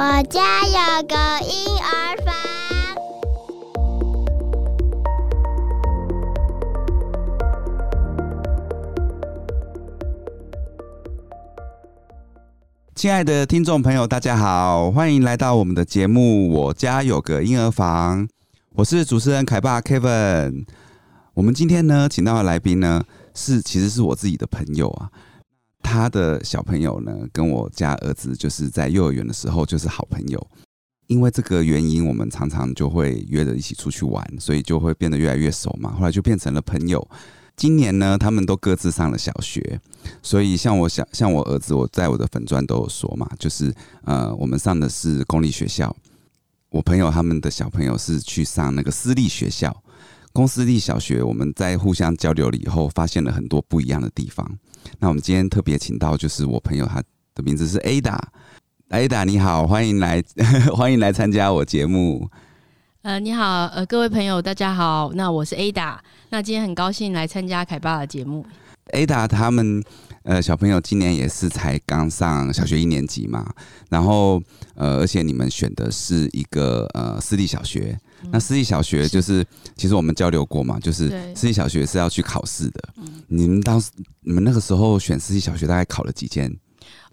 我家有個英兒房。親愛的聽眾朋友，大家好，歡迎來到我們的節目《我家有個英兒房》。我是主持人凱爸 Kevin。我們今天呢，請到的來賓呢，是其實是我自己的朋友啊。他的小朋友呢，跟我家兒子就是在幼兒園的時候就是好朋友，因為這個原因，我們常常就會約着一起出去玩，所以就會變得越來越熟嘛。後來就變成了朋友。今年呢，他們都各自上了小學，所以像我小像我兒子，我在我的粉專都有說嘛，就是呃，我們上的是公立學校，我朋友他們的小朋友是去上那個私立學校，公私立小學。我們在互相交流了以後，發現了很多不一樣的地方。那我們今天特別請到就是我朋友，他的名字是 Ada，Ada 你好，歡迎來呵呵歡迎來參加我節目。呃，你好，呃，各位朋友大家好，那我是 Ada，那今天很高興來參加凱爸的節目。Ada 他們呃小朋友今年也是才剛上小學一年級嘛，然後呃而且你們選的是一個呃私立小學。那私立小學就是，嗯、是其實我們交流過嘛，就是私立小學是要去考試的。嗯、你們當時、你們那個時候選私立小學，大概考了幾間？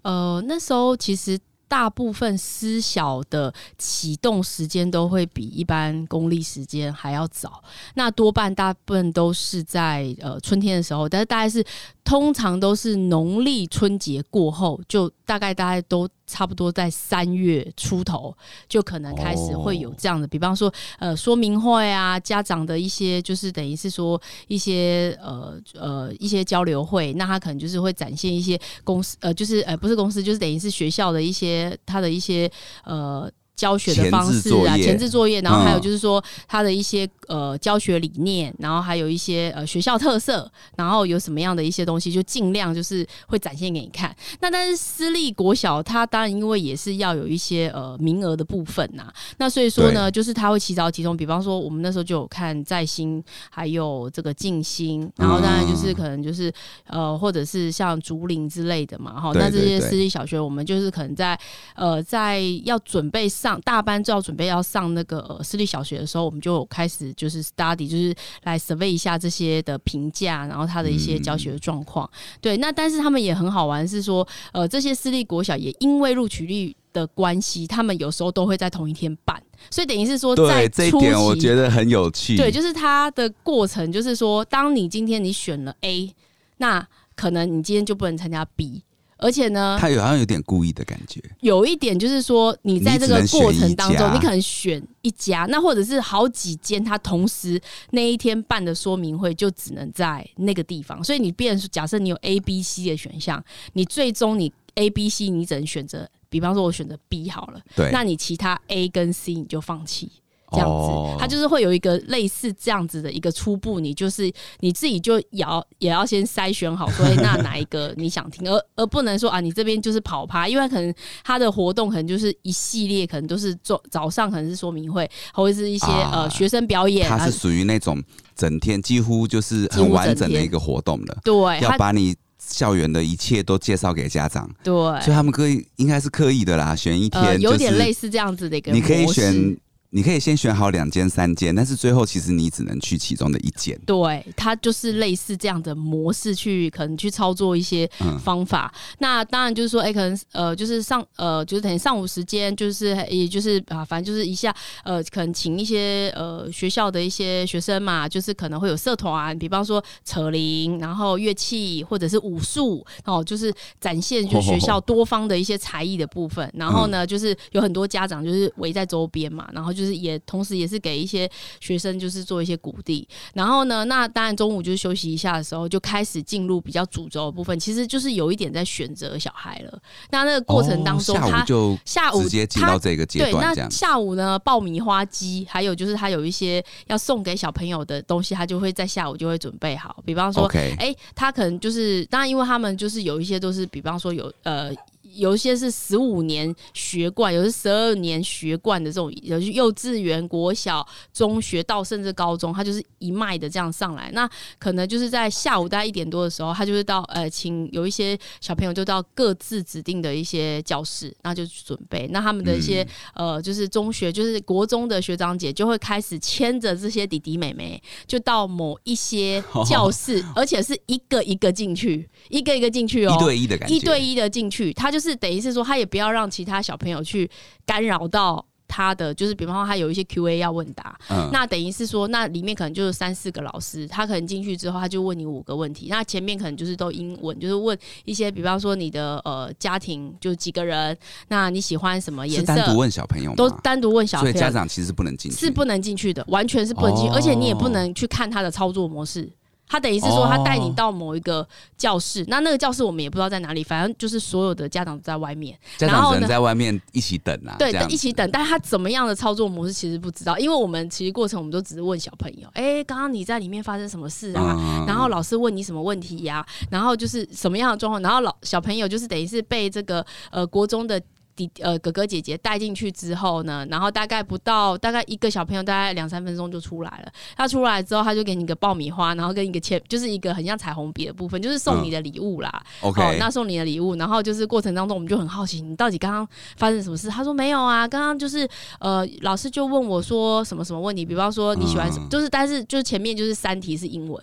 呃，那時候其實大部分私小的啟動時間都會比一般公立時間還要早，那多半大部分都是在呃春天的時候，但是大概是。通常都是農曆春節過後，就大概大概都差不多在三月出頭，就可能開始會有這樣的，比方說，oh. 呃，說明會啊，家長的一些就是等於是說一些呃呃一些交流會，那他可能就是會展現一些公司，呃，就是呃不是公司，就是等於是學校的一些他的一些呃。教學的方式啊，前置，前置作業，然後還有就是說他的一些呃教學理念，然後還有一些呃學校特色，然後有什麼樣的一些東西，就儘量就是會展現給你看。那但是私立國小，他當然因為也是要有一些呃名額的部分吶、啊，那所以說呢，對就是他會提早集中，比方說我們那時候就有看再興，還有這個靜心，然後當然就是可能就是、嗯、呃或者是像竹林之類的嘛，哈，對對對，那這些私立小學我們就是可能在呃在要準備。上大班就要準備要上那個、呃、私立小學的時候，我們就開始就是 study，就是來 survey 一下這些的評價，然後他的一些教學的狀況。嗯、對，那但是他們也很好玩，是說呃，這些私立國小也因為錄取率的關係，他們有時候都會在同一天辦，所以等於是說在初期。對，這一點我覺得很有趣。對，就是他的過程，就是說，當你今天你選了 A，那可能你今天就不能參加 B。而且呢，他有好像有點故意的感覺。有一點就是說，你在這個過程當中，你可能選一家，你只能選一家那或者是好幾間，他同時那一天辦的說明會就只能在那個地方，所以你變成假設你有 A、B、C 的選項，你最終你 A、B、C 你只能選擇，比方說我選擇 B 好了，對那你其他 A 跟 C 你就放棄。這樣子，他就是會有一個類似這樣子的一個初步，你就是你自己就也要也要先篩選好，所以那哪一個你想聽， 而而不能說啊，你這邊就是跑趴，因為可能他的活動可能就是一系列，可能都是做早上可能是說明會，或者是一些、啊、呃學生表演。它是屬於那種整天幾乎就是很完整的一個活動的，對，要把你校園的一切都介紹給家長。對，所以他們可以應該是刻意的啦，選一天、就是呃，有點類似這樣子的一個，你可以選。你可以先選好兩間、三間，但是最後其實你只能去其中的一間。對，它就是類似這樣的模式去，可能去操作一些方法。嗯、那當然就是說，哎、欸，可能呃，就是上呃，就是等於上午時間，就是也就是啊，反正就是一下呃，可能請一些呃學校的一些學生嘛，就是可能會有社團，比方說扯鈴，然後樂器或者是武術哦，就是展現就是學校多方的一些才藝的部分。哦哦哦然後呢，就是有很多家長就是圍在周邊嘛，然後就是。也，同時也是給一些學生，就是做一些鼓勵。然後呢，那當然中午就是休息一下的時候，就開始進入比較主軸的部分。其實就是有一點在選擇小孩了。那那個過程當中，他下午直接到這個階段，對，那下午呢，爆米花機，還有就是他有一些要送給小朋友的東西，他就會在下午就會準備好。比方說，哎，他可能就是當然，因為他們就是有一些都是，比方說有呃。有一些是十五年學貫，有些十二年學貫的這種，有些幼稚園、國小、中學到甚至高中，他就是一脈的這樣上來。那可能就是在下午大概一點多的時候，他就是到呃，請有一些小朋友就到各自指定的一些教室，那就準備。那他們的一些、嗯、呃，就是中學，就是國中的學長姐就會開始牽着這些弟弟妹妹，就到某一些教室，哦、而且是一個一個進去，一個一個進去哦，一對一的感覺，一對一的進去，他就。就是等於是說，他也不要讓其他小朋友去干擾到他的，就是比方說他有一些 QA 要問答，嗯、那等於是說，那裡面可能就是三四個老師，他可能進去之後，他就問你五個問題，那前面可能就是都英文，就是問一些比方說你的呃家庭就幾個人，那你喜歡什麼顏色？是單獨問，問小朋友，都單獨問小朋友，所以家長其實不能進去，是不能進去的，完全是不能進去，哦、而且你也不能去看他的操作模式。他等於是說，他帶你到某一個教室，Oh. 那那個教室我們也不知道在哪裡，反正就是所有的家長在外面，家長人在外面一起等啊，嗯、對，一起等。但是他怎麼樣的操作模式其實不知道，因為我們其實過程我們都只是問小朋友，哎、欸，剛剛你在裡面發生什麼事啊？Uh-huh. 然後老師問你什麼問題呀？啊？然後就是什麼樣的狀況？然後老小朋友就是等於是被這個呃國中的。弟呃，哥哥姐姐帶進去之後呢，然後大概不到大概一個小朋友大概兩三分鐘就出來了。他出來之後，他就給你個爆米花，然後跟一個切，就是一個很像彩虹筆的部分，就是送你的禮物啦。嗯、OK。哦，那送你的禮物，然後就是過程當中我們就很好奇你到底剛剛發生什麼事？他說沒有啊，剛剛就是呃老師就問我說什麼什麼問題，比方說你喜歡什麼，嗯，就是但是就是前面就是三題是英文。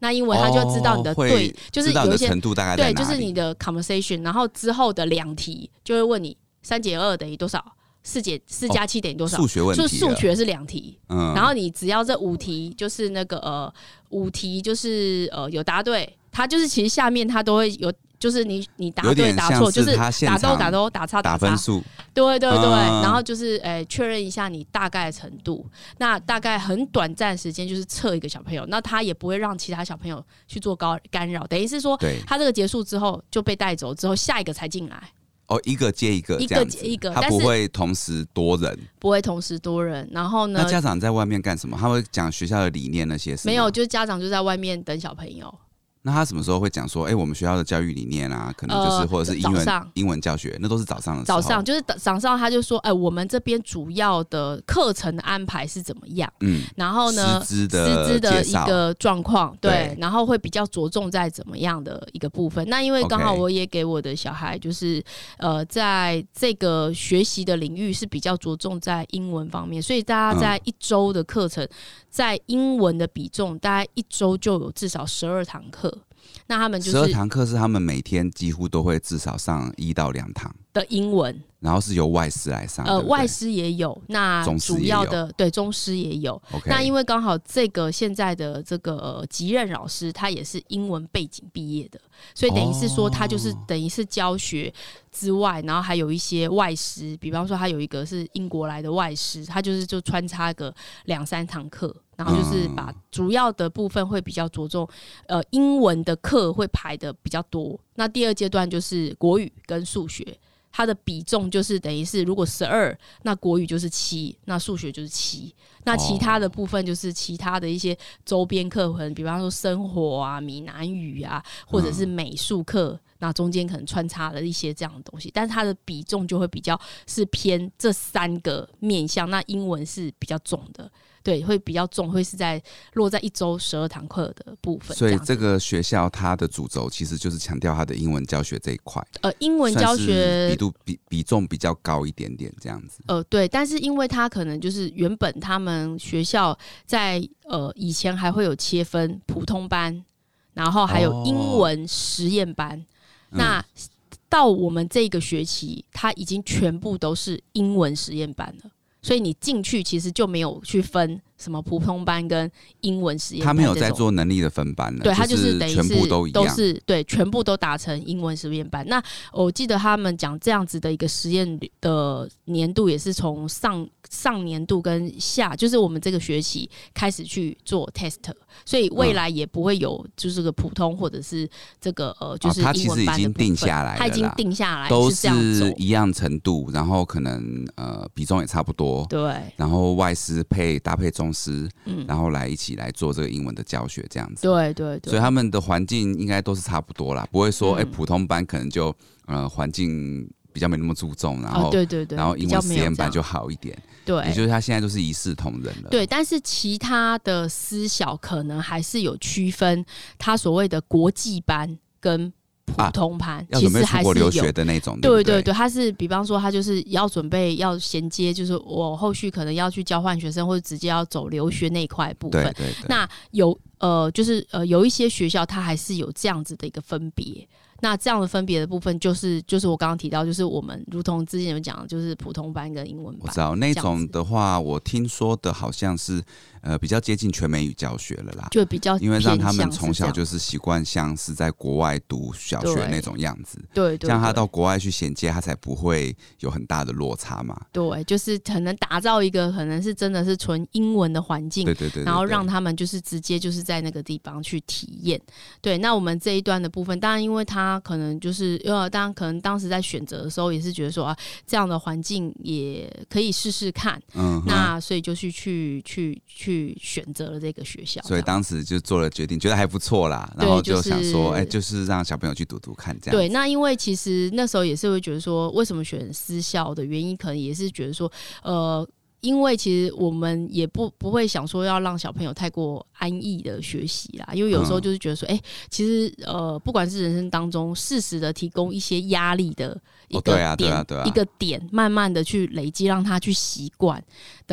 那英文他就會知道你的對，就是有些、哦、程度大概在哪裡，對，就是你的 conversation，然後之後的兩題就會問你三減二等於多少，四減四加七等於多少，數、哦、學問題，就是數學是兩題。嗯、然後你只要這五題就是那個呃五題就是呃有答對。他就是其實下面他都會有，就是你你答對答錯，是就是打斗打鬥打差打分數對對對，對，嗯、然後就是誒、欸、確認一下你大概的程度。那大概很短暫時間就是測一個小朋友，那他也不會讓其他小朋友去做高干擾，等於是說，他這個結束之後就被帶走之後下一個才進來。哦，一個接一個，一個接一個，但是他不會同時多人，不會同時多人。然後呢？那家長在外面幹什麼？他會講學校的理念那些事？沒有，就是家長就在外面等小朋友。那他什麼時候會講說？哎、欸，我們學校的教育理念啊，可能就是或者是英文、呃、上英文教學，那都是早上的時候。早上就是早上，他就說，哎、欸，我們這邊主要的課程的安排是怎麼樣？嗯，然後呢，師資的師資的一個狀況，對，對，然後會比較着重在怎麼樣的一個部分。那因為剛好我也給我的小孩，就是 Okay 呃，在這個學習的領域是比較着重在英文方面，所以大家在一周的課程，嗯、在英文的比重，大概一周就有至少十二堂課。那他們就是十二堂課，是他們每天幾乎都會至少上一到兩堂的英文，然後是由外師來上，對對呃，外師也有。那主要的對中師也有，中師也有 Okay. 那因為剛好這個現在的這個、呃、級任老師他也是英文背景畢業的，所以等於是說他就是等於是教學之外，Oh. 然後還有一些外師，比方說他有一個是英國來的外師，他就是就穿插個兩三堂課，然後就是把主要的部分會比較着重，呃，英文的課會排得比較多。那第二階段就是國語跟數學。它的比重就是等於是，如果十二，那國語就是七，那數學就是七，那其他的部分就是其他的一些周邊課文，比方說生活啊、閩南語啊，或者是美術課，啊、那中間可能穿插了一些這樣的東西，但是它的比重就會比較是偏這三個面向，那英文是比較重的。對，會比較重，會是在落在一周十二堂課的部分。所以這個學校它的主軸其實就是強調它的英文教學這一塊。呃，英文教學比度比比重比較高一點點，這樣子。呃，對，但是因為他可能就是原本他們學校在呃以前還會有切分普通班，然後還有英文實驗班。哦、那到我們這個學期，它已經全部都是英文實驗班了。所以你進去其實就沒有去分，什麼普通班跟英文實驗班，他沒有在做能力的分班呢，對，他就是全部都一樣，都是對，全部都達成英文實驗班。那我記得他們講這樣子的一個實驗的年度也是從上上年度跟下，就是我們這個學期開始去做 test，所以未來也不會有就是個普通或者是這個呃，就是他、啊、其實已經定下來了，他已經定下來都是一樣程度，然後可能呃比重也差不多，對，然後外師配搭配中。公司，嗯、然後來一起來做這個英文的教學，這樣子。對對對，所以他們的環境應該都是差不多啦，不會說哎、嗯欸，普通班可能就呃環境比較沒那麼注重，然後、啊、對對對，然後英文實驗班就好一點。對，也就是他現在就是一視同仁了。對，但是其他的私小可能還是有區分，他所謂的國際班跟，普通盤、啊、要準備出國留學的那種、其實還是有對，對對對，他是比方說他就是要準備要銜接，就是我後續可能要去交換學生或者直接要走留學那一塊部分。嗯、對對對，那有呃，就是呃，有一些學校它還是有這樣子的一個分別。那這樣的分別的部分就是，就是我剛剛提到，就是我們如同之前有講的，就是普通班跟英文班。我知道那種的話，我聽說的好像是，呃，比較接近全美語教學了啦，就比較因為讓他們從小就是習慣像是在國外讀小學那種樣子，對對，對對，這樣他到國外去銜接，他才不會有很大的落差嘛。對，就是可能打造一個可能是真的是純英文的環境，對對對，對對對，然後讓他們就是直接就是在那個地方去體驗。對，那我們這一段的部分，當然因為他。那可能就是因為當然可能當時在選擇的時候，也是覺得說啊，這樣的環境也可以試試看。嗯哼，那所以就是去去去選擇了這個學校，所以當時就做了決定，覺得還不錯啦。然後就想說，哎、就是欸，就是讓小朋友去讀讀看。這樣對，那因為其實那時候也是會覺得說，為什麼選私校的原因，可能也是覺得說，呃。因為其實我們也不不會想說要讓小朋友太過安逸的學習啦，因為有時候就是覺得說，哎、嗯欸，其實呃，不管是人生當中適時的提供一些壓力的一個點，哦啊啊啊、一個點，慢慢的去累積，讓他去習慣。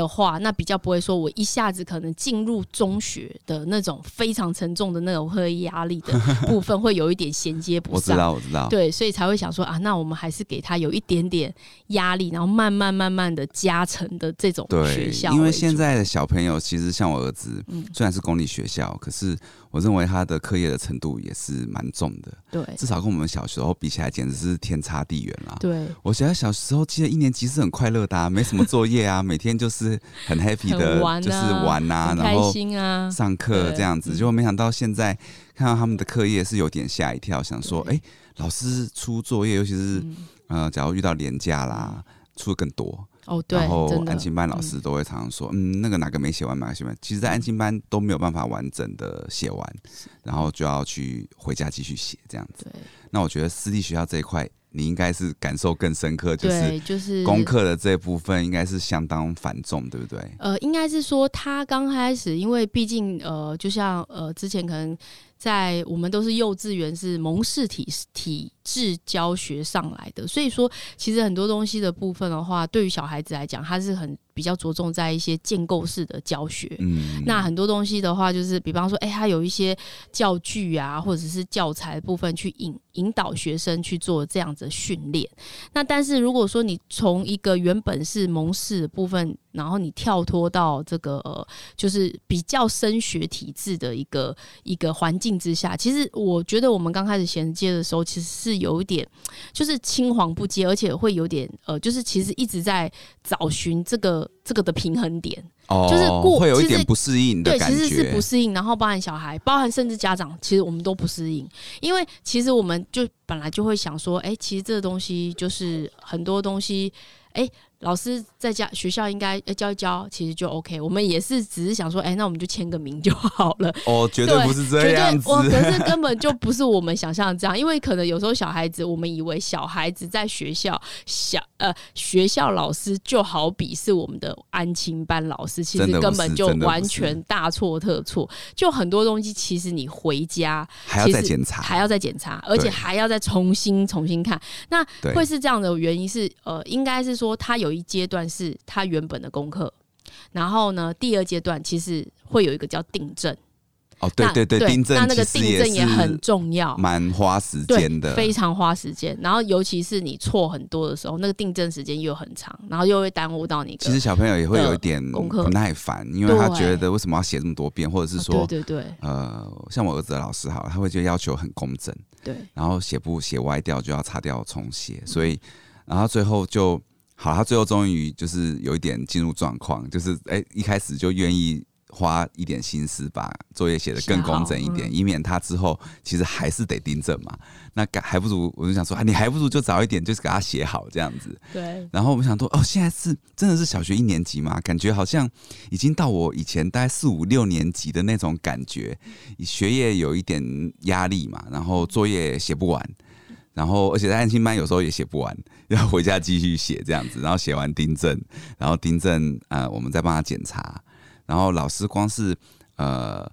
的話，那比較不會說，我一下子可能進入中學的那種非常沉重的那種會壓力的部分，會有一點銜接不上。 我知道，我知道。對，所以才會想說啊，那我們還是給他有一點點壓力，然後慢慢慢慢的加成的這種學校。對。因為現在的小朋友其實像我兒子，雖然是公立學校，可是，我認為他的課業的程度也是蠻重的，對，至少跟我們小時候比起來，簡直是天差地遠，對，我覺得小時候記得一年級是很快樂的，啊，沒什麼作業啊， 每天就是很 happy 的，就是玩吶，啊，玩啊，然後開心啊，上課這樣子。結果沒想到現在看到他們的課業是有點嚇一跳，對想說，哎，欸，老師出作業，尤其是嗯，呃，假如遇到連假啦，出的更多。哦，對，真的，然後安心班老師都會常常說，嗯，嗯，那個哪個沒寫完，哪個寫完。其實，在安心班都沒有辦法完整的寫完，是然後就要去回家繼續寫這樣子。對那我覺得私立學校這一塊，你應該是感受更深刻，就是就是功課的這部分應該是相當繁重，對不對？呃，應該是說他剛開始，因為畢竟呃，就像呃，之前可能在我們都是幼稚園是蒙氏體體。體是教學上來的，所以說其實很多東西的部分的話，對於小孩子來講，他是很比較着重在一些建構式的教學。嗯、那很多東西的話，就是比方說，哎、欸，他有一些教具啊，或者是教材部分去引引導學生去做這樣子訓練。那但是如果說你從一個原本是蒙式的部分，然後你跳脫到這個、呃、就是比較升學體制的一個一個環境之下，其實我覺得我們剛開始銜接的時候，其實是。有一點，就是青黃不接，而且會有點呃，就是其實一直在找尋這個這個的平衡點，哦、就是過會有一點不適應的感覺。對，其實是不適應，然後包含小孩，包含甚至家長，其實我們都不適應，因為其實我們就本來就會想說，哎、欸，其實這個東西就是很多東西，哎、欸。老師在家學校應該要教一教，其實就 OK。我們也是只是想說，哎、欸，那我們就簽個名就好了。哦，絕對不是這樣子，哦，可是根本就不是我們想象的這樣。 因為可能有時候小孩子，我們以為小孩子在學校，小呃學校老師就好比是我們的安親班老師，其實根本就完全大錯特錯。就很多東西，其實你回家還要再檢查，其實還要再檢查，對而且還要再重新重新看。那會是這樣的原因是，是呃，應該是說他有。有一階段是他原本的功課，然後呢，第二階段其實會有一個叫訂正。哦，對對對，訂正，那那個訂正也，也很重要，蠻花時間的，非常花時間。然後尤其是你錯很多的時候，那個訂正時間又很長，然後又會耽誤到你。其實小朋友也會有一點不耐煩，因為他覺得為什麼要寫這麼多遍，或者是說，對，對對對，呃，像我兒子的老師哈，他會覺得要求很工整，對，然後寫不寫歪掉就要擦掉重寫，所以然後最後就。好，他最後終於就是有一點進入狀況，就是哎、欸，一開始就願意花一點心思把作業寫得更工整一點，嗯、以免他之後其實還是得訂正嘛。那還不如我就想說啊，你還不如就早一點就是給他寫好這樣子。對。然後我想說，哦，現在是真的是小學一年級嘛，感覺好像已經到我以前大概四五六年級的那種感覺，學業有一點壓力嘛，然後作業寫不完。然後，而且在安親班有時候也寫不完，要回家繼續寫這樣子。然後寫完訂正，然後訂正，呃，我們再幫他檢查。然後老師光是，呃，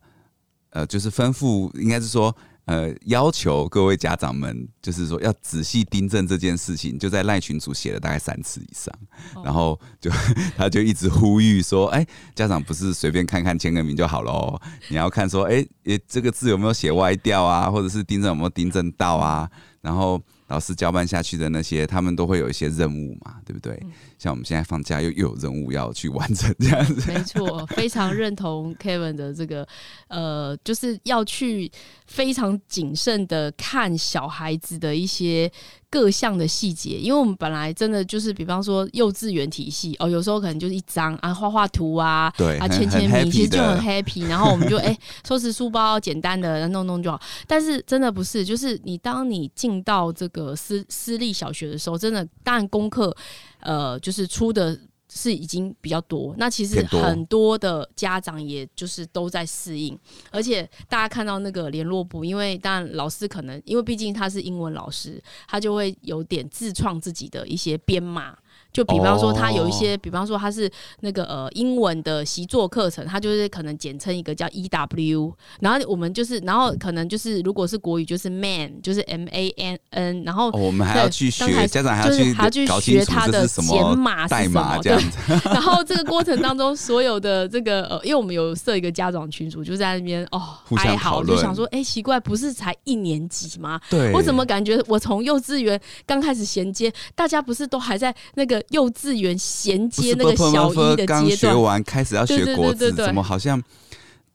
呃，就是吩咐，應該是說，呃，要求各位家長們，就是說要仔細訂正這件事情，就在賴群組寫了大概三次以上，然後就他就一直呼籲說，哎，家長不是隨便看看簽個名就好嘍？你要看說，哎，這個字有沒有寫歪掉啊？或者是訂正有沒有訂正到啊？然後老師交辦下去的那些，他們都會有一些任務嘛，對不對？嗯、像我們現在放假又又有任務要去完成這樣子。嗯，沒錯，非常認同 Kevin 的這個， 呃，就是要去非常謹慎的看小孩子的一些，各項的細節，因為我們本來真的就是，比方說幼稚園體系哦，有時候可能就是一張啊畫畫圖啊，對啊簽簽名，其實就很 happy 的。然後我們就哎、 欸、收拾書包，簡單的弄，弄弄就好。但是真的不是，就是你當你進到這個私私立小學的時候，真的，當然功課，呃，就是出的。是已經比較多，那其實很多的家長也就是都在適應，多而且大家看到那個聯絡簿，因為當然老師可能因為畢竟他是英文老師，他就會有點自創自己的一些編碼。就比方說，他有一些，哦、比方說他是那個呃英文的習作課程，他就是可能簡稱一個叫 E W，然後我們就是，然後可能就是，如果是國語就是 Man，就是 M A N N，然後、哦、我們還要去學剛才就是還要去搞清楚這是什麼代碼什麼的。然後這個過程當中，所有的這個呃，因為我們有設一個家長群組，就在那邊哦，哀嚎，就想說，哎、欸，奇怪，不是才一年級嗎？對，我怎麼感覺我從幼稚園剛開始銜接，大家不是都還在那個。幼稚園銜接那個小一的階段，剛學完開始要學國字，怎麼好像？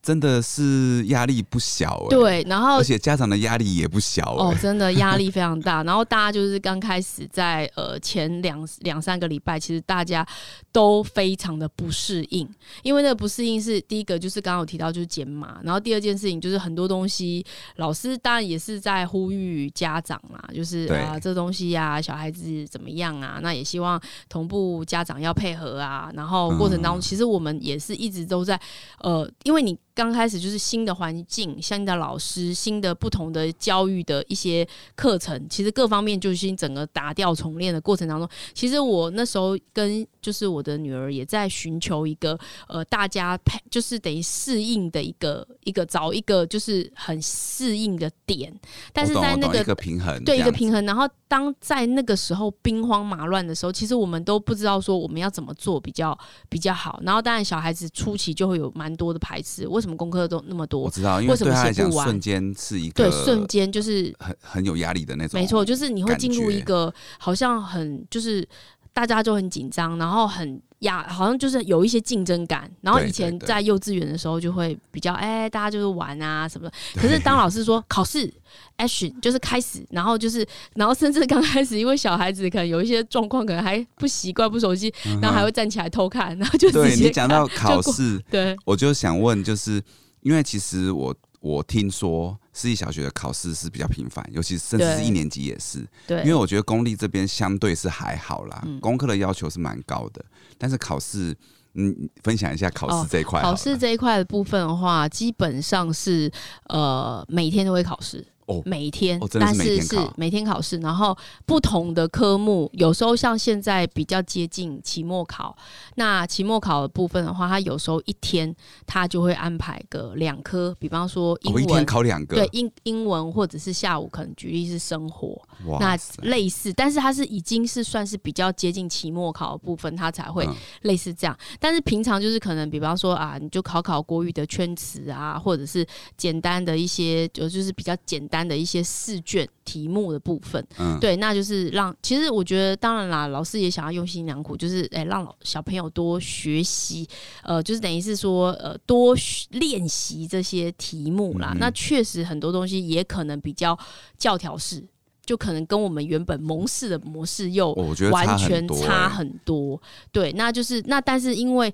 真的是壓力不小、欸，對，然後而且家長的壓力也不小、欸、哦，真的壓力非常大。 然後大家就是剛開始在呃前兩兩三個禮拜，其實大家都非常的不適應，因為那個不適應是第一個就是剛剛有提到就是減碼，然後第二件事情就是很多東西老師當然也是在呼籲家長嘛，就是對啊這個、東西呀、啊、小孩子怎麼樣啊，那也希望同步家長要配合啊。然後過程當中、嗯、其實我們也是一直都在呃因為你。剛開始就是新的環境、相應的老師、新的不同的教育的一些課程，其實各方面就是整個打掉重練的過程當中，其實我那時候跟就是我的女兒也在尋求一個呃大家配，就是等於適應的一個一個找一個就是很適應的點，但是在那個，一個平衡，對一個平衡，然後當在那個時候兵荒馬亂的時候，其實我們都不知道說我們要怎麼做比較比較好，然後當然小孩子初期就會有蠻多的排斥，嗯、為什麼？功課都那麼多，我知道，因為，他為什麼寫不完，瞬間是一個，對，瞬間就是很很有壓力的那種、就是。沒錯，就是你會進入一個好像很就是大家就很緊張，然後很。呀，yeah, 好像就是有一些競爭感。然後以前在幼稚園的時候，就會比較哎、欸，大家就是玩啊什麼的。對可是當老師說考試，action 就是開始，然後就是，然後甚至剛開始，因為小孩子可能有一些狀況，可能還不習慣、不熟悉，嗯、哼然後還會站起來偷看，然後就對你講到考試，對，我就想問，就是因為其實我。我聽說私立小學的考試是比較頻繁，尤其是甚至是一年級也是。對。對，因為我覺得公立這邊相對是還好啦，嗯、功課的要求是蠻高的，但是考試，嗯，分享一下考試這一塊。哦，考試這一塊的部分的話，基本上是呃每天都會考試。每一天，但是是每天考試，然後不同的科目，有時候像現在比較接近期末考，那期末考的部分的話，他有時候一天他就會安排個兩科，比方說英文考兩個，對，英英文或者是下午可能舉例是生活，那類似，但是他是已經是算是比較接近期末考的部分，他才會類似這樣，但是平常就是可能比方說啊，你就考考國語的圈詞啊，或者是簡單的一些，就就是比較簡單。的一些試卷題目的部分，嗯，對，那就是讓其實我覺得，當然啦，老師也想要用心良苦，就是誒、欸，讓小朋友多學習，呃，就是等於是說，呃，多練習這些題目啦。嗯嗯，那確實很多東西也可能比較教條式，就可能跟我們原本蒙式的模式又完全差很多。哦，我覺得差很多欸、對，那就是那但是因為。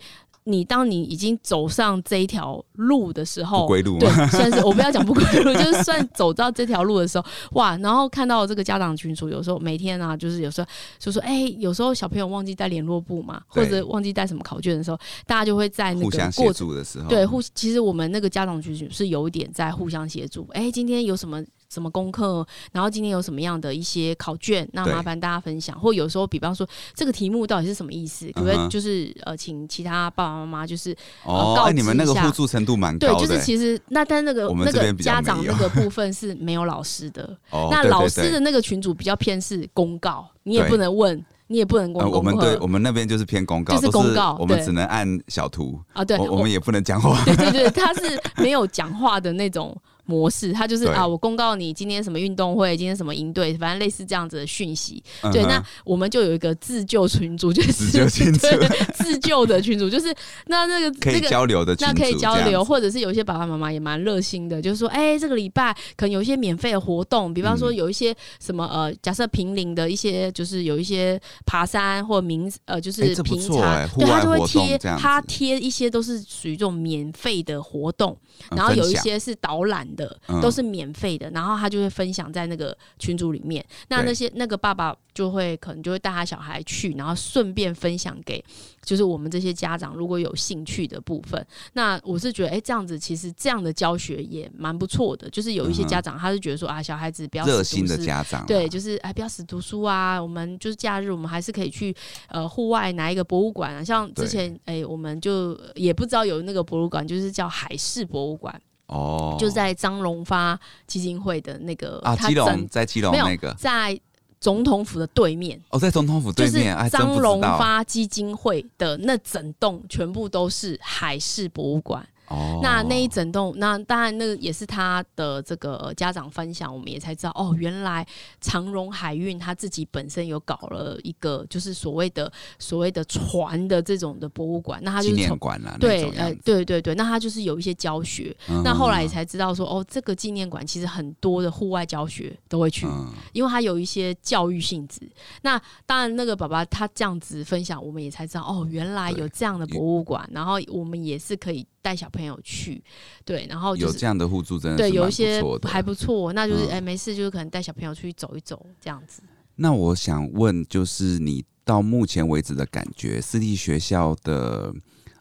你當你已經走上這一條路的時候，不歸路嘛？對，算是我不要講不歸路， 就是算走到這條路的時候，哇，然後看到這個家長群組，有時候每天啊，就是有時候就說，哎、欸，有時候小朋友忘記帶聯絡簿嘛，或者忘記帶什麼考卷的時候，對大家就會在那個過程的時候，對，互其實我們那個家長群組是有一點在互相協助，哎、嗯欸，今天有什麼？什麼功課？然後今天有什麼樣的一些考卷？那麻煩大家分享。或有時候，比方說這個題目到底是什麼意思？可不可以就是呃，請其他爸爸媽媽就是告訴你們那個互助程度蠻高。對，就是其實那但那個那個家長那個部分是沒有老師的。那老師的那個群組比較偏是公告，你也不能問，你也不能。我們對，我們那邊就是偏公告，就是公告，我們只能按小圖啊。對，我們也不能講話。對對對，他是沒有講話的那種。模式，他就是對啊，我公告你今天什麼運動會，今天什麼營隊，反正類似這樣子的訊息。嗯、哼對，那我們就有一個自救群組，就是自救群組自救的群組，就是那那個可以交流的群組，那可以交流，或者是有一些爸爸媽媽也蠻熱心的，就是說，哎、欸，這個禮拜可能有一些免費的活動，比方說有一些什麼、嗯、呃，假設平林的一些就是有一些爬山或民，呃，就是平常，欸欸、對，他就會貼，他貼一些都是屬於這種免費的活動，嗯、然後有一些是導覽。嗯的、嗯、都是免費的，然後他就會分享在那個群組裡面。那那些對那個爸爸就會可能就會帶他小孩去，然後順便分享給就是我們這些家長如果有興趣的部分。那我是覺得，哎、欸，這樣子其實這樣的教學也蠻不錯的。就是有一些家長他是覺得說、嗯、哼啊，小孩子不要死熱心的家長、啊，對，就是哎、欸、不要死讀書啊。我們就是假日我們還是可以去呃戶外哪一個博物館啊？像之前哎對、欸、我們就也不知道有那個博物館，就是叫海事博物館。哦，oh. 就在張榮發基金會的那個啊，他整，在基隆那個，沒有，在總統府的對面。哦，oh, 在總統府對面，就是張榮發基金會的那整棟全部都是海事博物館。Oh. 那那一整棟，那當然，那個也是他的這個家長分享，我們也才知道哦，原來長榮海運他自己本身有搞了一個，就是所謂的所謂的船的這種的博物館，那他就紀念館了，啊，對，呃，對對對，那他就是有一些教學，uh huh. 那後來也才知道說，哦，這個紀念館其實很多的戶外教學都會去，uh huh. 因為它有一些教育性質。那當然，那個爸爸他這樣子分享，我們也才知道哦，原來有這樣的博物館，對然後我們也是可以。帶小朋友去，對，然後、就是、有這樣的互助，真的，是的對，有一些還不錯。那就是哎、欸，沒事，就是可能帶小朋友出去走一走，這樣子、嗯。那我想問，就是你到目前為止的感覺，私立學校的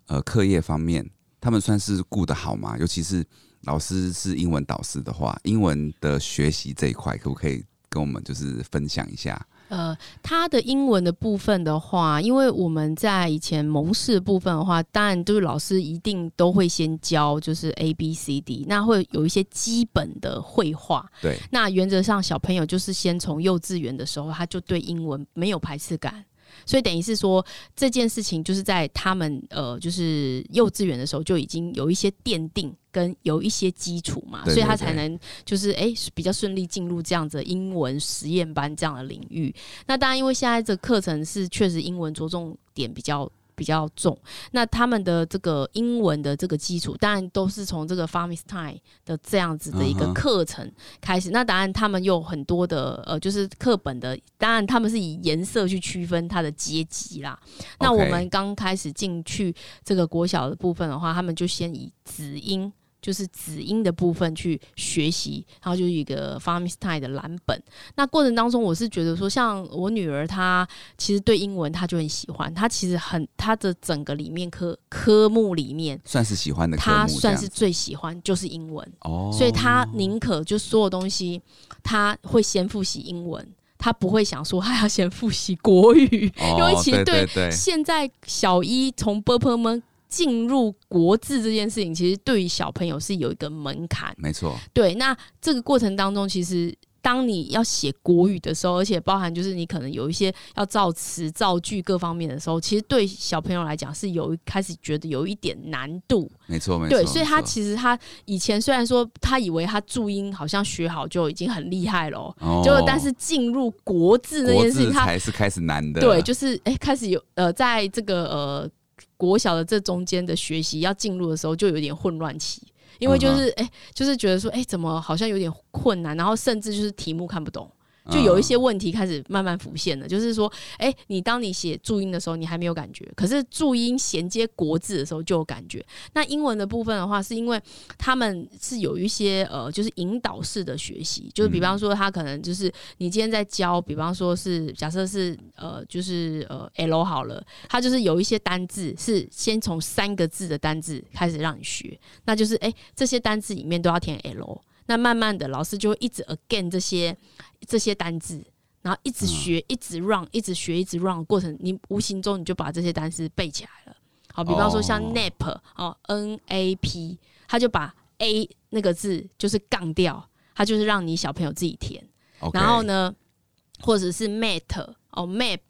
呃課業方面，他們算是顧得好嗎？尤其是老師是英文導師的話，英文的學習這一塊，可不可以跟我們就是分享一下？呃，他的英文的部分的話，因為我們在以前蒙氏部分的話，當然就是老師一定都會先教，就是 A B C D，那會有一些基本的繪畫。對，那原則上小朋友就是先從幼稚園的時候，他就對英文沒有排斥感。所以等於是說這件事情，就是在他們呃，就是幼稚園的時候就已經有一些奠定跟有一些基礎嘛，對對對，所以他才能就是哎、欸、比較順利進入這樣子的英文實驗班這樣的領域。那當然，因為現在的課程是確實英文着重點比較。比較重，那他們的這個英文的這個基礎，當然都是從這個 Farmistime 的這樣子的一個課程開始。Uh huh、那當然他們有很多的呃，就是課本的，當然他們是以顏色去區分它的階級啦。Okay 那我們剛開始進去這個國小的部分的話，他們就先以子音。就是子音的部分去學習，然後就是一個 Farmistime 的藍本。那過程當中，我是覺得說，像我女兒她其實對英文，她就很喜歡。她其實很她的整個裡面科科目裡面，算是喜歡的科目，她算是最喜歡就是英文哦。所以她寧可就所有東西，她會先複習英文，她不會想說她要先複習國語，哦，因為其實對現在小一從波潑們。進入國字這件事情，其實對於小朋友是有一個門檻，沒錯。對，那這個過程當中，其實當你要寫國語的時候，而且包含就是你可能有一些要造詞、造句各方面的時候，其實對小朋友來講是有一開始覺得有一點難度，沒錯，沒錯。對，所以他其實他以前雖然說他以為他注音好像學好就已經很厲害了喔，哦，就但是進入國字那件事情，他才是開始難的。對，就是哎，開始有呃，在這個呃。國小的這中間的學習要進入的時候，就有點混亂期，因為就是哎、欸，就是覺得說，哎，怎麼好像有點困難，然後甚至就是題目看不懂。就有一些問題開始慢慢浮現了，就是說，誒，你當你寫注音的時候，你還沒有感覺；可是注音銜接國字的時候就有感覺。那英文的部分的話，是因為他們是有一些呃，就是引導式的學習，就是比方說他可能就是你今天在教，比方說是假設是呃，就是呃，L 好了，他就是有一些單字是先從三個字的單字開始讓你學，那就是誒、欸，這些單字裡面都要填 L。那慢慢的，老師就會一直 again 這些。這些單字，然後一直學，嗯、一直 run，一直學，一直 run 的過程，你無形中你就把這些單詞背起來了。好，比方說像 nap 哦，哦 n a p，它就把 a 那個字就是槓掉，它就是讓你小朋友自己填。Okay 然後呢，或者是 m a t 哦 map，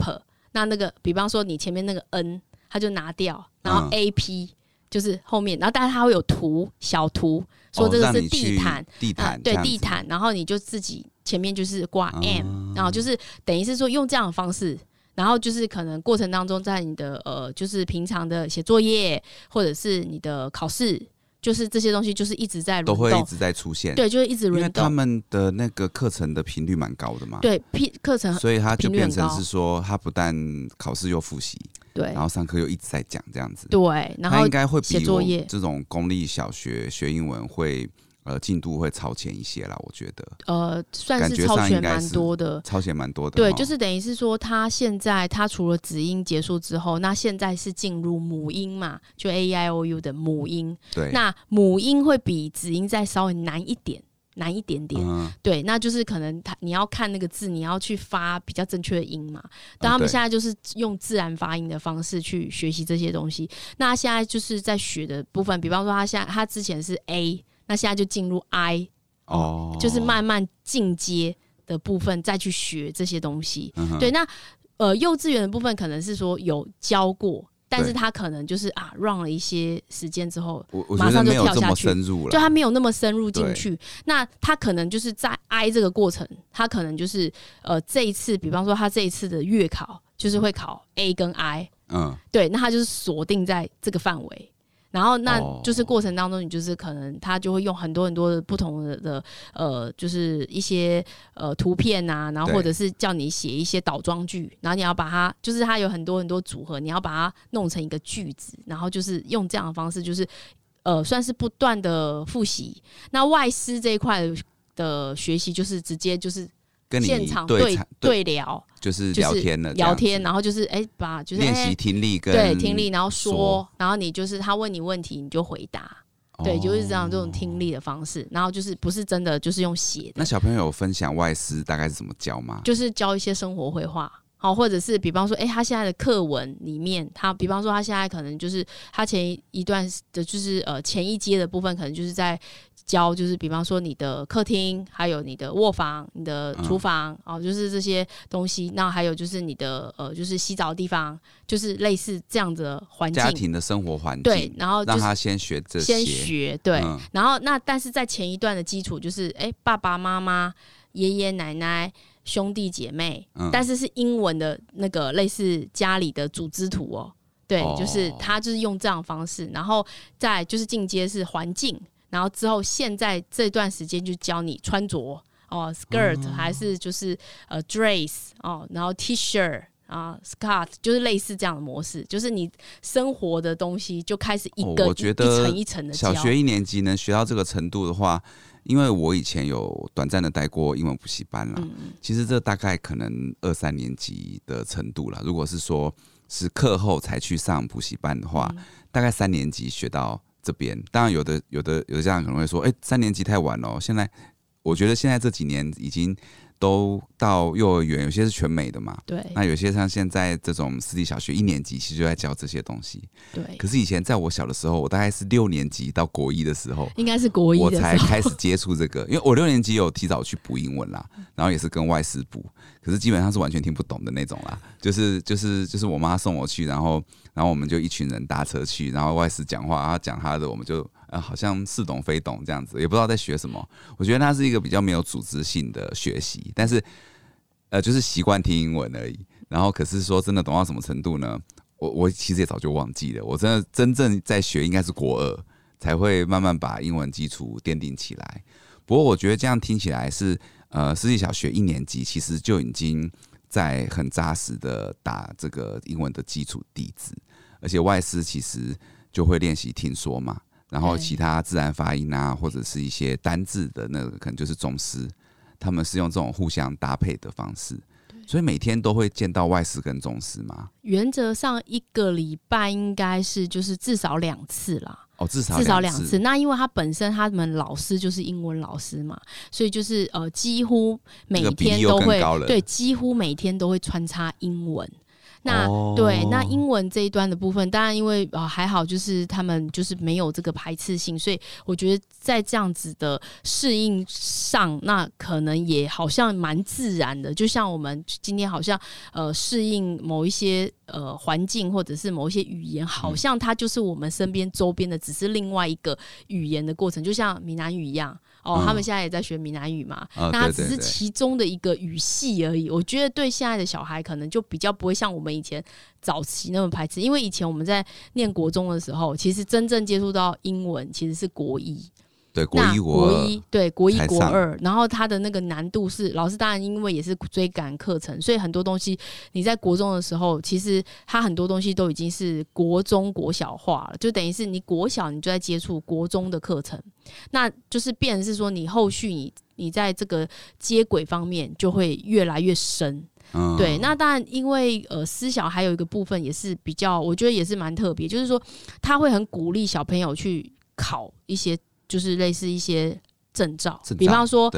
那那個比方說你前面那個 n，它就拿掉，然後 a p、嗯、就是後面，然後但是它會有圖小圖，哦、說這個是地毯，地毯對地毯，然後你就自己。前面就是掛 M，嗯、然後就是等於是說用這樣的方式，然後就是可能過程當中在你的呃，就是平常的寫作業或者是你的考試，就是這些東西就是一直在輪動，都會一直在出現，對，就是一直輪動。因為他們的那個課程的頻率蠻高的嘛，對，課課程很所以他就變成是說他不但考試又複習，對，對，然後上課又一直在講這樣子，對，然後他應該會比我這種公立小學學英文會。呃，進度會超前一些啦，我覺得。呃，算是超前蠻多的，超前蠻多的。對，就是等於是說，他現在他除了子音結束之後，那現在是進入母音嘛？就 A E I O U 的母音。對。那母音會比子音再稍微難一點，難一點點。嗯、對，那就是可能他你要看那個字，你要去發比較正確的音嘛。對。但他們現在就是用自然發音的方式去學習這些東西。嗯、那現在就是在學的部分，比方說他現在他之前是 A。那現在就進入 I，哦嗯、就是慢慢進階的部分，再去學這些東西。嗯、哼對，那呃，幼稚園的部分可能是說有教過，對但是他可能就是啊，run 了一些時間之後，我，我覺得馬上就跳下去沒有這麼深入了，就他沒有那麼深入進去。對那他可能就是在 I 這個過程，他可能就是呃，這一次，比方說他這一次的月考，嗯、就是會考 A 跟 I，嗯，對，那他就是鎖定在這個範圍。然後那就是過程當中，你就是可能他就會用很多很多的不同的、oh. 呃，就是一些呃圖片啊，然後或者是叫你寫一些倒裝句，對然後你要把它，就是他有很多很多組合，你要把它弄成一個句子，然後就是用這樣的方式，就是呃算是不斷的複習。那外師這一塊的學習就是直接就是跟現場對你對聊。對就是聊天了，聊天，然後就是哎、欸，把就是練習聽力跟對聽力，然後說，說然後你就是他問你問題，你就回答，哦、對，就是這樣這種聽力的方式，然後就是不是真的就是用寫的。那小朋友分享外師大概是怎麼教嗎？就是教一些生活繪畫，好、喔，或者是比方說，哎、欸，他現在的課文裡面，他比方說他現在可能就是他前一段的就是呃前一階的部分，可能就是在。教就是，比方說你的客廳，還有你的臥房、你的廚房、嗯、哦，就是這些東西。那還有就是你的呃，就是洗澡的地方，就是類似這樣子的環境。家庭的生活環境。對，然後讓他先學這些。先學對，然後那但是在前一段的基礎就是，哎、嗯欸，爸爸媽媽、爺爺奶奶、兄弟姐妹，嗯、但是是英文的那個類似家裡的組織圖哦。對，哦、就是他就是用這樣的方式，然後再就是進階是環境。然後之後，現在這段時間就教你穿着、oh, skirt, 哦，skirt 還是就是呃、uh, dress 哦、oh,，然後 T-shirt 啊 skirt 就是類似這樣的模式，就是你生活的東西就開始一個、哦、我覺得一,一層一層的教。小學一年級能學到這個程度的話，因為我以前有短暫的待過英文補習班了，嗯、其實這大概可能二三年級的程度了。如果是說是課後才去上補習班的話，嗯、大概三年級學到。這邊當然有的，有的有的家長可能會說：“哎、欸，三年級太晚了。”現在我覺得現在這幾年已經，都到幼兒園，有些是全美的嘛？對。那有些像現在這種私立小學一年級其實就在教這些東西。對。可是以前在我小的時候，我大概是六年級到國一的時候，應該是國一，我才開始接觸這個。因為我六年級有提早去補英文啦，然後也是跟外師補，可是基本上是完全聽不懂的那種啦。就是就是就是，就是、我媽送我去，然後然後我們就一群人搭車去，然後外師講話，他講他的，我們就。啊、呃，好像似懂非懂這樣子，也不知道在學什麼。我覺得他是一個比較沒有組織性的學習，但是，呃，就是習慣聽英文而已。然後，可是說真的懂到什麼程度呢？我我其實也早就忘記了。我真的真正在學應該是國二才會慢慢把英文基礎奠定起來。不過，我覺得這樣聽起來是呃，私立小學一年級其實就已經在很扎實的打這個英文的基礎底子，而且外師其實就會練習聽說嘛。然後其他自然發音啊，對或者是一些單字的那個，可能就是中師，他們是用這種互相搭配的方式。對所以每天都會見到外師跟中師嗎？原則上一個禮拜應該是就是至少兩次啦。哦，至少至少兩次。那因為他本身他們老師就是英文老師嘛，所以就是呃，幾乎每天都會對，幾乎每天都會穿插英文。那對、哦、那英文這一端的部分，當然因為啊還好，就是他們就是沒有這個排斥性，所以我覺得在這樣子的適應上，那可能也好像蠻自然的。就像我們今天好像呃適應某一些呃環境或者是某一些語言，好像它就是我們身邊周邊的，只是另外一個語言的過程，就像閩南語一樣。哦，他們現在也在學閩南語嘛，那、嗯、只是其中的一個語系而已。哦、對對對，我覺得對現在的小孩可能就比較不會像我們以前早期那麼排斥，因為以前我們在念國中的時候，其實真正接觸到英文其實是國一。國一、國，國一，對，國一、國二，上然後他的那個難度是老師，當然因為也是追趕課程，所以很多東西你在國中的時候，其實他很多東西都已經是國中國小化了，就等於是你國小你就在接觸國中的課程，那就是變成是說你後續你你在這個接軌方面就會越來越深，嗯、對。那當然因為呃私小還有一個部分也是比較，我覺得也是蠻特別，就是說他會很鼓勵小朋友去考一些。就是類似一些證照，比方說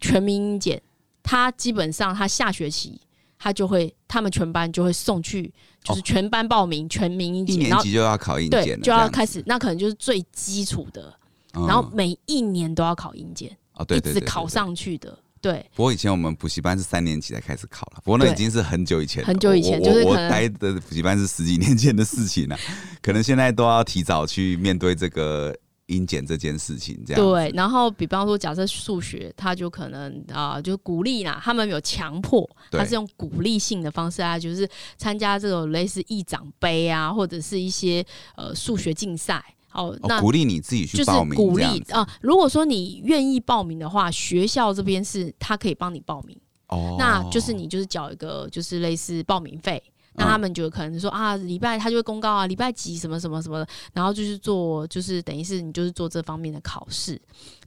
全民英檢，他基本上他下學期他就會，他們全班就會送去，就是全班報名全民英檢，一年級就要考英檢，就要開始，那可能就是最基礎的，然後每一年都要考英檢哦，對對，一直考上去的，對。不過以前我們補習班是三年級才開始考了，不過那已經是很久以前，很久以前，就是我待的補習班是十幾年前的事情了，可能現在都要提早去面對這個。因檢這件事情，這樣對。然後，比方說，假設數學，他就可能啊、呃，就鼓勵啦。他們有強迫，他是用鼓勵性的方式啊，就是參加這種類似議長盃啊，或者是一些呃數學競賽。哦、呃，那鼓勵你自己去報名。鼓勵啊，如果說你願意報名的話，學校這邊是他可以幫你報名。哦，那就是你就是繳一個就是類似報名費。嗯、那他們就可能說啊，禮拜他就會公告啊，禮拜幾什麼什麼什麼的，然後就是做，就是等於是你就是做這方面的考試，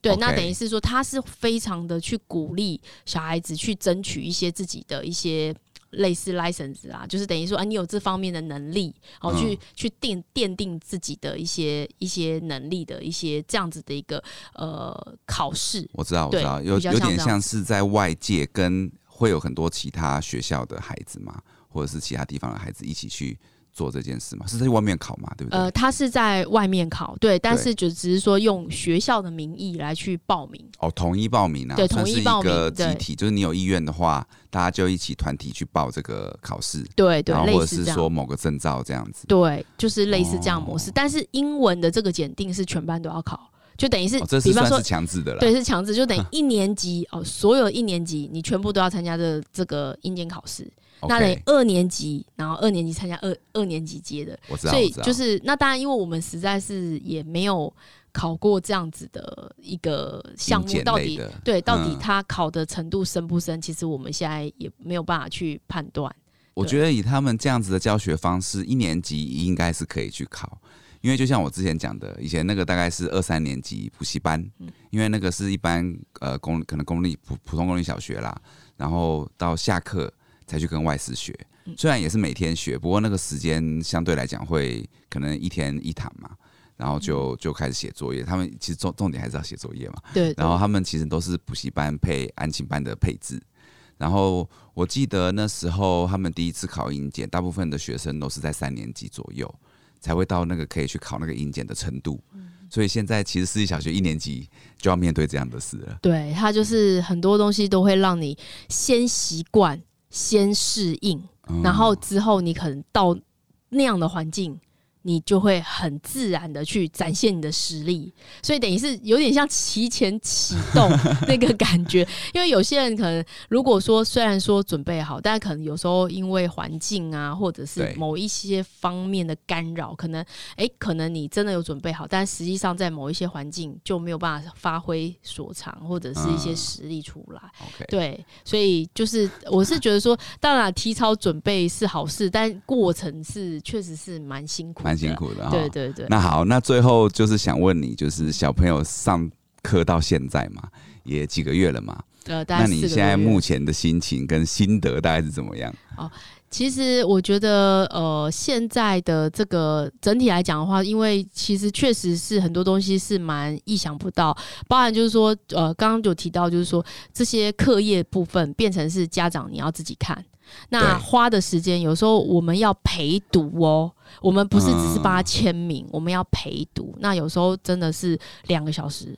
對，Okay 那等於是說他是非常的去鼓勵小孩子去爭取一些自己的一些類似 license 啊，就是等於說啊，你有這方面的能力，然後去、嗯、去奠定自己的一些一些能力的一些這樣子的一個呃考試。我知道，對 我知道，有有，有點像是在外界跟會有很多其他學校的孩子嘛。或者是其他地方的孩子一起去做這件事嘛？是在外面考嘛？對不對？呃，他是在外面考，對，但是就只是說用學校的名義來去報名哦，統一報名啊，對，統一報名，個集體對就是你有意願的話，大家就一起團體去報這個考試，對對，對或者是說某個證照這樣子，對，就是類似這樣模式。哦、但是英文的這個檢定是全班都要考，就等於是，哦、這是算是強制的了，對，是強制，就等於一年級 哦，所有一年級你全部都要參加這個、這個英檢考試。那二年級，Okay 然後二年級參加二二年級接的，我知道，所以就是，那當然，因為我們實在是也沒有考過這樣子的一個項目，到底對，嗯、到底他考的程度深不深？其實我們現在也沒有辦法去判斷。我覺得以他們這樣子的教學方式，一年級應該是可以去考，因為就像我之前講的，以前那個大概是二三年級補習班，嗯、因為那個是一般呃公可能公立普普通公立小學啦，然後到下課。才去跟外師學，雖然也是每天學，不過那個時間相對來講會可能一天一堂嘛，然後就就開始寫作業。他們其實重重點還是要寫作業嘛。對，然後他們其實都是補習班配安親班的配置。然後我記得那時候他們第一次考英檢，大部分的學生都是在三年級左右才會到那個可以去考那個英檢的程度。所以現在其實私立小學一年級就要面對這樣的事了。對，他就是很多東西都會讓你先習慣。先適應，然後之後你可能到那樣的環境。你就會很自然的去展現你的實力，所以等於是有點像提前啟動那個感覺。因為有些人可能，如果說雖然說準備好，但可能有時候因為環境啊，或者是某一些方面的干擾，可能哎、欸，可能你真的有準備好，但實際上在某一些環境就沒有辦法發揮所長或者是一些實力出來。對，所以就是我是覺得說，當然提早準備是好事，但過程是確實是蠻辛苦。蠻辛苦的哈，對對對對。那好，那最後就是想問你，就是小朋友上課到現在嘛，也幾個月了嘛，呃，大概那你現在目前的心情跟心得大概是怎麼樣？好，其實我覺得，呃，現在的這個整體來講的話，因為其實確實是很多東西是蠻意想不到，包含就是說，呃，剛剛有提到，就是說這些課業部分變成是家長你要自己看。那花的時間，對有時候我們要陪讀哦。我們不是只是幫他簽名，嗯、我們要陪讀。那有時候真的是兩個小時。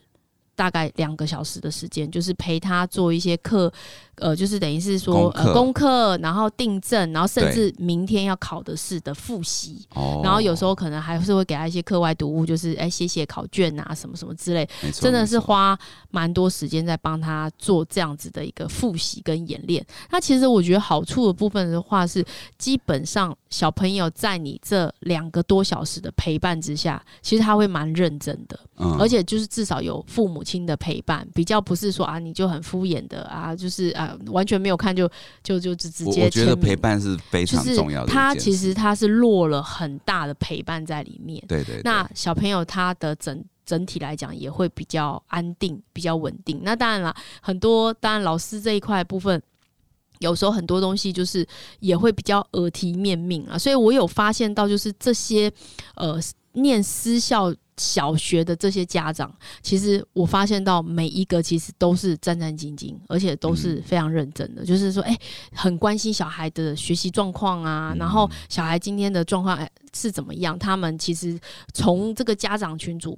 大概兩個小時的時間，就是陪他做一些課，呃，就是等於是說課呃，功課，然後訂正，然後甚至明天要考的試的複習。對然後有時候可能還是會給他一些課外讀物，就是哎寫寫考卷啊，什麼什麼之類。錯真的是花蠻多時間在幫他做這樣子的一個複習跟演練。那其實我覺得好處的部分的話，是基本上。小朋友在你這兩個多小時的陪伴之下，其實他會蠻認真的，而且就是至少有父母親的陪伴，比較不是說啊你就很敷衍的啊，就是啊完全沒有看就就就直直接。我覺得陪伴是非常重要的。他其實他是落了很大的陪伴在裡面。對對。那小朋友他的整整體來講也會比較安定、比較穩定。那當然了，很多當然老師這一塊部分。有時候很多東西就是也會比較耳提面命啊，所以我有發現到，就是這些,呃念私校小學的這些家長，其實我發現到每一個其實都是戰戰兢兢，而且都是非常認真的，就是說誒、欸、很關心小孩的學習狀況啊，然後小孩今天的狀況欸是怎麼樣，他們其實從這個家長群組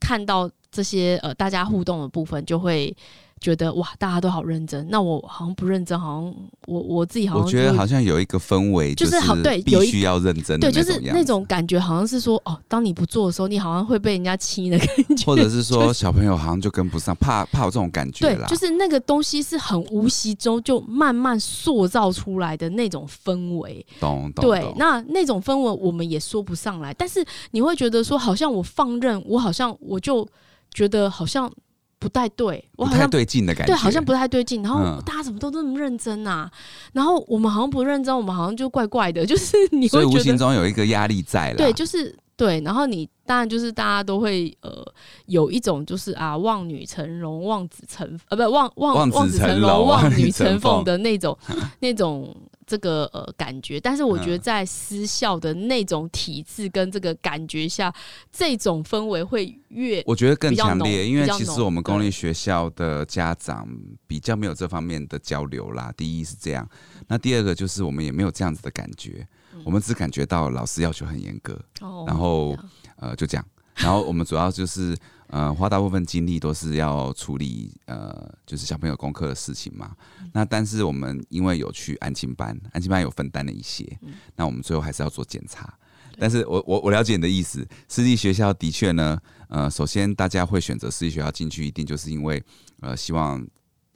看到這些呃大家互動的部分，就會。覺得哇，大家都好認真，那我好像不認真，好像我我自己好像我覺得好像有一個氛圍，就是好對，必須要認真的，對，就是那種感覺，好像是說哦，當你不做的時候，你好像會被人家欺的感覺，或者是說、就是、小朋友好像就跟不上，怕怕有這種感覺啦，對，就是那個東西是很無形中就慢慢塑造出來的那種氛圍，懂懂對，那那種氛圍我們也說不上來，但是你會覺得說好像我放任，我好像我就覺得好像。不太對，我好像不太對勁的感覺，對，好像不太對勁。然後大家怎麼都這麼認真啊？然後我們好像不認真，我們好像就怪怪的，就是你會覺得所以無形中有一個壓力在了。對，就是對。然後你當然就是大家都會呃有一種就是啊望女成龍，望子成呃不望望望、望子成龍望女成鳳的那種蛤那種。這個呃感覺，但是我覺得在私校的那種體制跟這個感覺下，嗯、這種氛圍會越我覺得更強烈，因為其實我們公立學校的家長比較沒有這方面的交流啦。對第一是這樣，那第二個就是我們也沒有這樣子的感覺，嗯、我們只感覺到老師要求很嚴格，嗯、然後、嗯、呃就這樣，然後我們主要就是。 呃，花大部分精力都是要處理呃，就是小朋友功課的事情嘛。嗯、那但是我們因為有去安親班，安親班有分擔了一些。嗯、那我們最後還是要做檢查。嗯、但是我我我了解你的意思，私立學校的確呢，呃，首先大家會選擇私立學校進去，一定就是因為呃，希望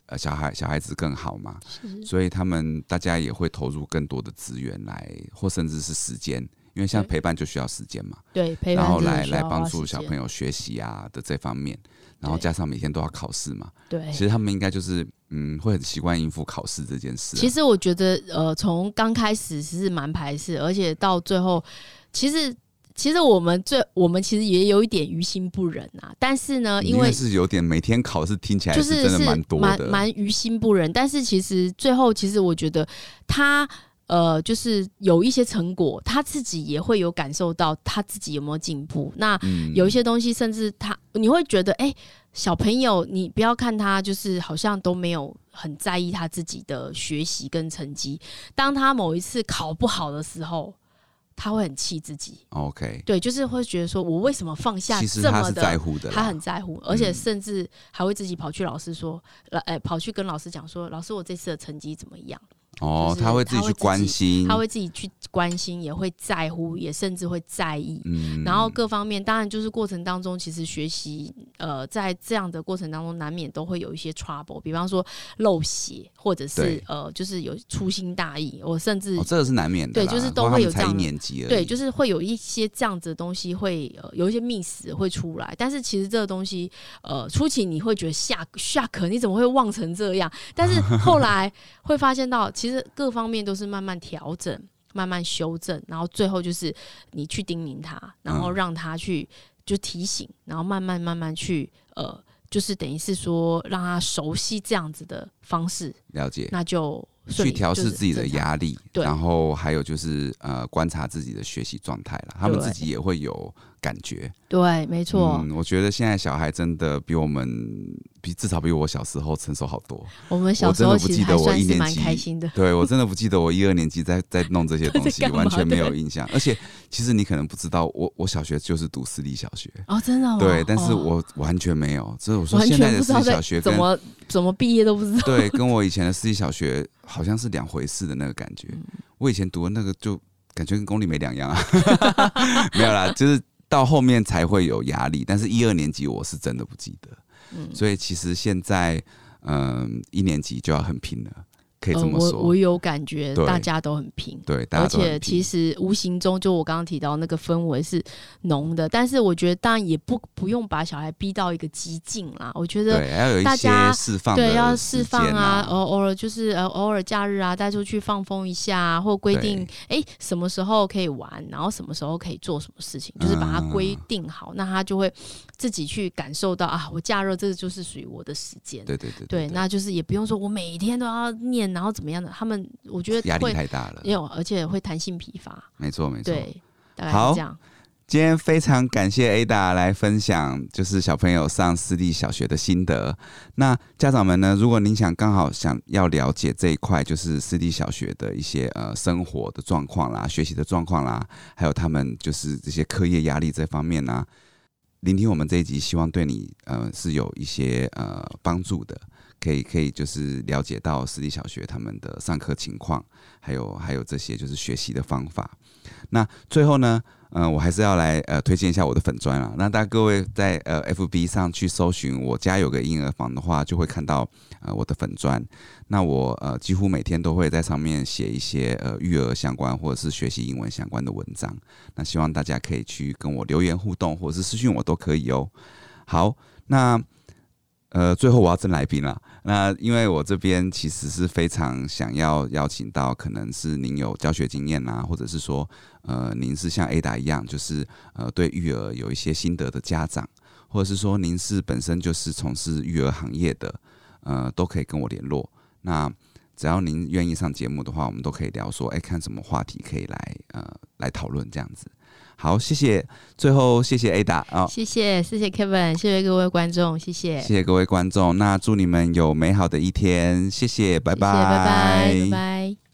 呃小孩小孩子更好嘛。是所以他們大家也會投入更多的資源來，或甚至是時間。因為像陪伴就需要時間嘛，對，陪伴需要時間。然後來來幫助小朋友學習啊的這方面，對，然後加上每天都要考試嘛，對，其實他們應該就是嗯，會很習慣應付考試這件事啊。其實我覺得，呃，從剛開始是蠻排斥，而且到最後，其實其實我們最我們其實也有一點於心不忍啊。但是呢，因為，是，是，因為是有點每天考試聽起來是真的蠻多的，蠻蠻於心不忍。但是其實最後，其實我覺得他。呃，就是有一些成果，他自己也會有感受到他自己有沒有進步。那有一些東西，甚至他、嗯、你會覺得，哎、欸，小朋友，你不要看他就是好像都沒有很在意他自己的學習跟成績。當他某一次考不好的時候，他會很氣自己。OK，對，就是會覺得說，我為什麼放下這麼的？其實他是在乎的。他很在乎，而且甚至還會自己跑去老師說，呃、嗯欸，跑去跟老師講說，老師，我這次的成績怎麼樣？哦，他會自己去關心他，他會自己去關心，也會在乎，也甚至會在意。嗯，然後各方面，當然就是過程當中，其實學習，呃，在這樣的過程當中，難免都會有一些 trouble，比方說漏寫，或者是對呃，就是有粗心大意，我甚至，哦，這個是難免的，對，就是都會有這樣，對，就是會有一些這樣子的東西會呃有一些 miss 會出來，但是其實這個東西，呃，初期你會覺得 shock, shock，你怎麼會忘成這樣，但是後來會發現到。啊呵呵其實各方面都是慢慢調整、慢慢修正，然後最後就是你去叮嚀他，然後讓他去就提醒，然後慢慢慢慢去呃，就是等於是說讓他熟悉這樣子的方式。了解，那就去調試自己的壓力，對。然後還有就是呃，觀察自己的學習狀態啦，他們自己也會有。感覺對，沒錯，嗯。我覺得現在小孩真的比我們，比至少比我小時候成熟好多。我們小時候不記得我一年級蠻開心的，對我真的不記得我一二年級在在弄這些東西， 完全沒有印象。對而且，其實你可能不知道，我我小學就是讀私立小學哦，真的，哦，對，但是我，哦，完全沒有，所以我說現在的私立小學怎麼怎麼畢業都不知道。對，跟我以前的私立小學好像是兩回事的那個感覺。嗯，我以前讀的那個就感覺跟公立沒兩樣啊， 沒有啦，就是。到後面才會有壓力，但是一二年級我是真的不記得，嗯，所以其實現在，嗯，呃，一年級就要很拼了。呃，我我有感覺大，大家都很拼，對，而且其實無形中就我剛剛提到那個氛圍是濃的，但是我覺得，當然也不不用把小孩逼到一個激進啦。我覺得大家，大要釋放，對，要釋放,、啊、放啊，啊偶偶爾就是呃、啊、偶爾假日啊，帶出去放風一下、啊，或規定哎對、欸、什麼時候可以玩，然後什麼時候可以做什麼事情，就是把它規定好，嗯、那他就會自己去感受到啊，我假日這個就是屬於我的時間，對對對,對，對,對，那就是也不用說我每天都要念。然後怎麼樣的？他們我覺得壓力太大了，沒有，而且會彈性疲乏。沒錯，沒錯。對，好，這樣今天非常感謝 Ada 來分享，就是小朋友上私立小學的心得。那家長們呢？如果您想剛好想要了解這一塊，就是私立小學的一些呃生活的狀況啦、學習的狀況啦，還有他們就是這些課業壓力這方面呢、啊，聆聽我們這一集，希望對你呃是有一些呃幫助的。可以可以，可以就是了解到私立小學他們的上課情況，還有還有這些就是學習的方法。那最後呢，呃，我還是要來呃推薦一下我的粉專啦。那大家各位在呃 FB 上去搜尋，我家有個英兒房的話，就會看到呃我的粉專。那我呃幾乎每天都會在上面寫一些呃育兒相關或者是學習英文相關的文章。那希望大家可以去跟我留言互動，或者是私信我都可以哦。好，那。呃，最後我要徵來賓了。那因為我這邊其實是非常想要邀請到，可能是您有教學經驗啊，或者是說，呃，您是像 Ada 一樣，就是呃，對育兒有一些心得的家長，或者是說您是本身就是從事育兒行業的，呃，都可以跟我聯絡。那只要您願意上節目的話，我們都可以聊說，哎，看什麼話題可以來呃來討論這樣子。好，謝謝。最後，謝謝 Ada 啊、哦，謝謝，謝謝 Kevin，謝謝各位觀眾，謝謝，謝謝各位觀眾。那祝你們有美好的一天，謝謝，拜拜，謝謝，拜拜，拜拜。拜拜。